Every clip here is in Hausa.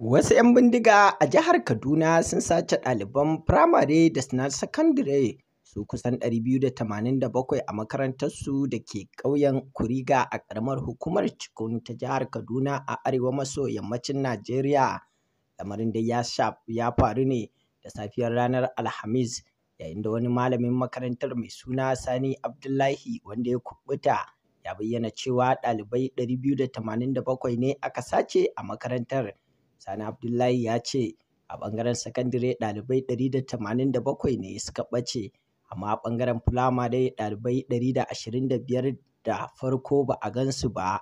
Wasu 'yan bindiga a jihar Kaduna sun sace ɗaliban firamare da na sakandare su kusan 287 a makarantarsu da ke ƙauyen Kuriga a ƙaramar hukumar Cikun ta jihar Kaduna a arewa maso yammacin Najeriya. Lamarin da ya faru ne da safiyar ranar Alhamis yayin da wani malamin makarantar mai suna Sani Abdullahi wanda ya kubuta ya bayyana cewa ɗalibai 287 ne aka sace a makarantar. sani abdullahi ya ce a ɓangaren sakandire ɗalibai 187 ne suka ɓace amma a ɓangaren fulama dai ɗalibai 125 da farko ba a gansu ba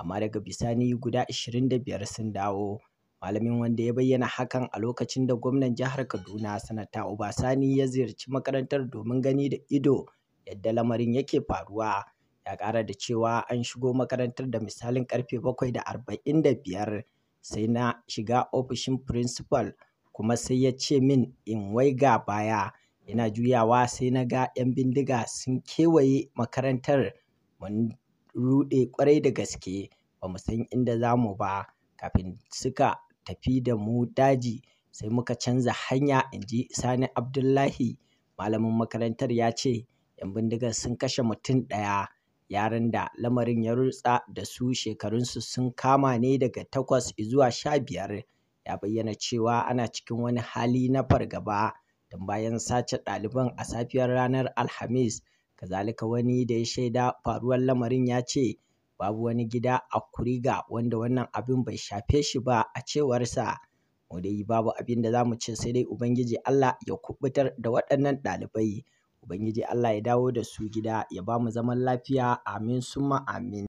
amma daga bisani guda 25 sun dawo malamin wanda ya bayyana hakan a lokacin da gwamnan jihar kaduna sanata uba Sani ya ziyarci makarantar domin gani da ido yadda lamarin yake faruwa ya ƙara da cewa an shigo makarantar da misalin karfe bakwai da arba'in da biyar sai na shiga ofishin principal kuma sai ya ce min in waiga baya ina juyawa sai na ga 'yan bindiga sun kewaye makarantar mun ruɗe kwarai da gaske ba mu san inda za mu ba kafin suka tafi da mu daji sai muka canza hanya in ji sani abdullahi malamin makarantar ya ce 'yan bindigar sun kashe mutum ɗaya yaran da lamarin ya rutsa da su shekarunsu sun kama ne daga takwas zuwa sha biyar ya bayyana cewa ana cikin wani hali na fargaba don bayan sace ɗaliban a safiyar ranar alhamis kazalika wani da ya shaida faruwar lamarin ya ce babu wani gida a kuriga wanda wannan abin bai shafe shi ba a cewarsa mu dai babu abin da za mu ce sai dai ubangiji allah ya kuɓutar da waɗannan ɗalibai ubangiji Allah ya dawo da su gida ya ba mu zaman lafiya amin summa amin